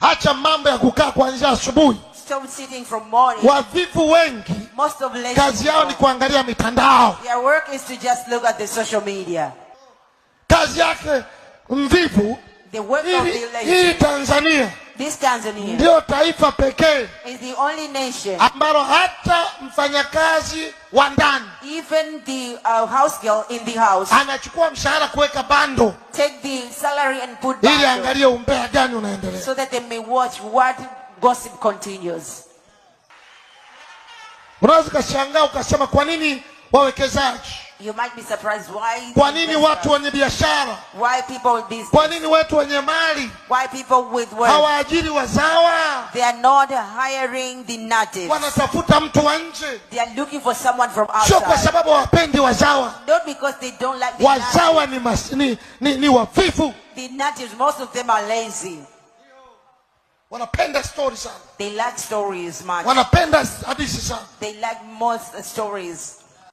Hacha mambo ya kukaa kuanzia asubuhi. Wavivu wengi kazi yao ni kuangalia mitandao. Kazi yake mvivu hii Tanzania This Tanzania ndio taifa pekee is the only nation ambalo hata mfanyakazi wa ndani even the uh, house girl in the house anachukua mshahara kuweka bando take the salary and put bando ili angalie umbea gani unaendelea so that they may watch what gossip continues. Unaweza ukashangaa ukasema, kwa nini wawekezaji You might be surprised why. Kwa nini watu wenye biashara? Why people with business? Kwa nini watu wenye mali? Why people with wealth? Hawaajiri wazawa. They are not hiring the natives. Wanatafuta mtu wa nje. They are looking for someone from outside. Sio kwa sababu hawapendi wazawa. Not because they don't like the wazawa ni, mas, ni, ni, ni wafifu. The natives most of them are lazy. Wanapenda story sana. They like stories much. Wanapenda hadithi sana. They like most stories.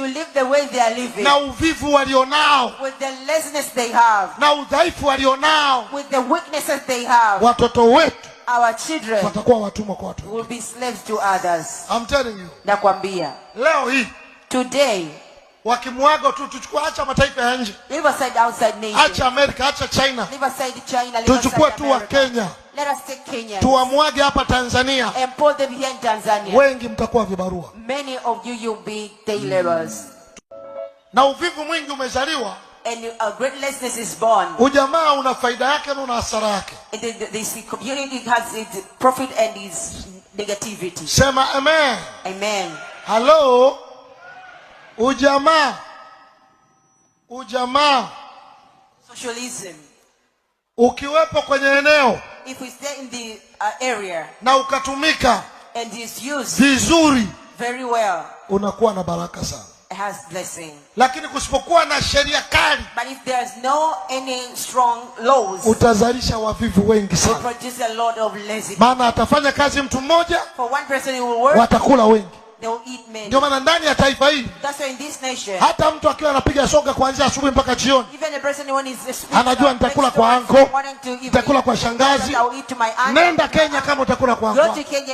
to live the way they are living na uvivu walionao with the laziness they have na udhaifu walionao with the weaknesses they have watoto wetu our children watakuwa watumwa kwa watu will be slaves to others i'm telling you nakwambia leo hii today wakimwaga tu tuchukua acha mataifa ya nje, acha Amerika, acha China, tuchukue tu wa Kenya, tuwamwage hapa Tanzania. wengi mtakuwa vibarua. Many of you be day laborers. Na uvivu mwingi umezaliwa And a is born. Ujamaa una faida yake na una hasara yake. community has its profit and its negativity. Sema amen. Amen. Hello. Ujamaa, ujamaa, socialism ukiwepo kwenye eneo If we stay in the, uh, area, na ukatumika and is used vizuri very well, unakuwa na baraka sana has blessing. Lakini kusipokuwa na sheria kali but if there is no any strong laws, utazalisha wavivu wengi sana, will produce a lot of lazy. Maana atafanya kazi mtu mmoja, for one person he will work, watakula wengi ndio maana ndani ya taifa hili hata mtu akiwa anapiga soga kuanzia asubuhi mpaka jioni anajua nitakula kwa anko nitakula kwa shangazi nenda kenya kama utakula kwa anko